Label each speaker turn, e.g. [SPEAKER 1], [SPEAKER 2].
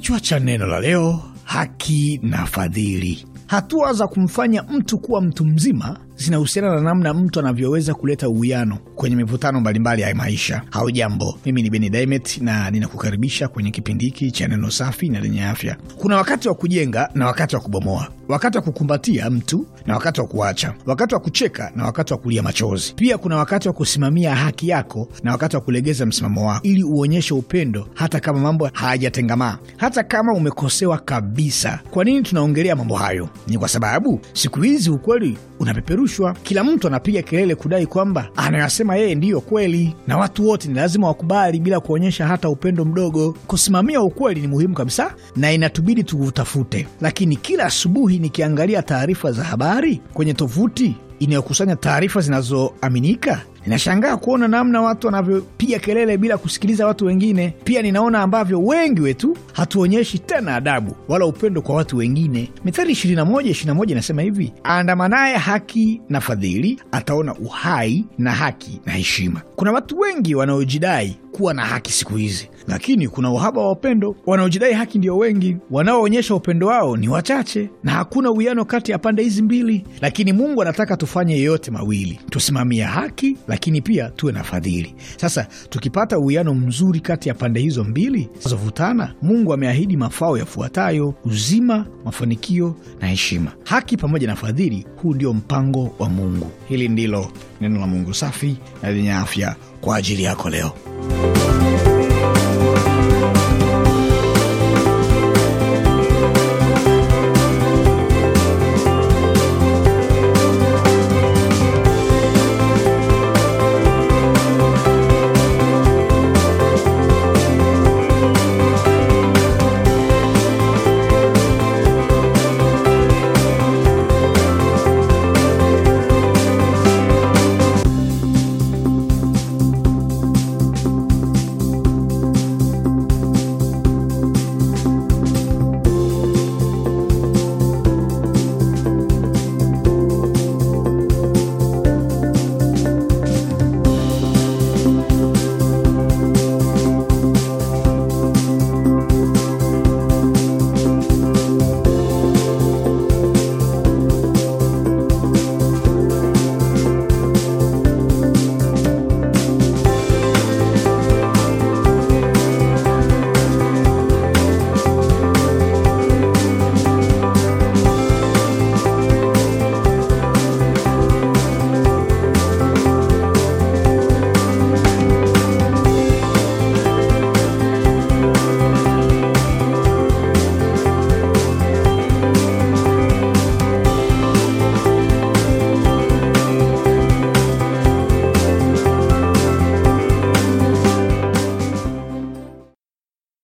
[SPEAKER 1] Kichwa cha neno la leo: haki na fadhili. Hatua za kumfanya mtu kuwa mtu mzima zinahusiana na namna mtu anavyoweza kuleta uwiano kwenye mivutano mbalimbali ya maisha. au jambo mimi ni Beni na ninakukaribisha kwenye kipindi hiki cha neno safi na lenye afya. Kuna wakati wa kujenga na wakati wa kubomoa, wakati wa kukumbatia mtu na wakati wa kuacha, wakati wa kucheka na wakati wa kulia machozi. Pia kuna wakati wa kusimamia haki yako na wakati wa kulegeza msimamo wako, ili uonyeshe upendo hata kama mambo hayajatengamaa, hata kama umekosewa kabisa. Kwa nini tunaongelea mambo hayo? Ni kwa sababu siku hizi ukweli unapeperushwa, kila mtu anapiga kelele kudai kwamba anayasema kusema yeye ndiyo kweli, na watu wote ni lazima wakubali bila kuonyesha hata upendo mdogo. Kusimamia ukweli ni muhimu kabisa na inatubidi tuutafute, lakini kila asubuhi nikiangalia taarifa za habari kwenye tovuti inayokusanya taarifa zinazoaminika Ninashangaa kuona namna watu wanavyopiga kelele bila kusikiliza watu wengine. Pia ninaona ambavyo wengi wetu hatuonyeshi tena adabu wala upendo kwa watu wengine. Mithali 21 21 inasema hivi, aandamanaye haki na fadhili ataona uhai na haki na heshima. Kuna watu wengi wanaojidai kuwa na haki siku hizi, lakini kuna uhaba wa upendo. Wanaojidai haki ndio wengi, wanaoonyesha upendo wao ni wachache, na hakuna uwiano kati ya pande hizi mbili. Lakini Mungu anataka tufanye yote mawili, tusimamie haki, lakini pia tuwe na fadhili. Sasa tukipata uwiano mzuri kati ya pande hizo mbili zinazovutana, Mungu ameahidi mafao yafuatayo: uzima, mafanikio na heshima. Haki pamoja na fadhili, huu ndio mpango wa Mungu. Hili ndilo neno la Mungu safi na lenye afya com a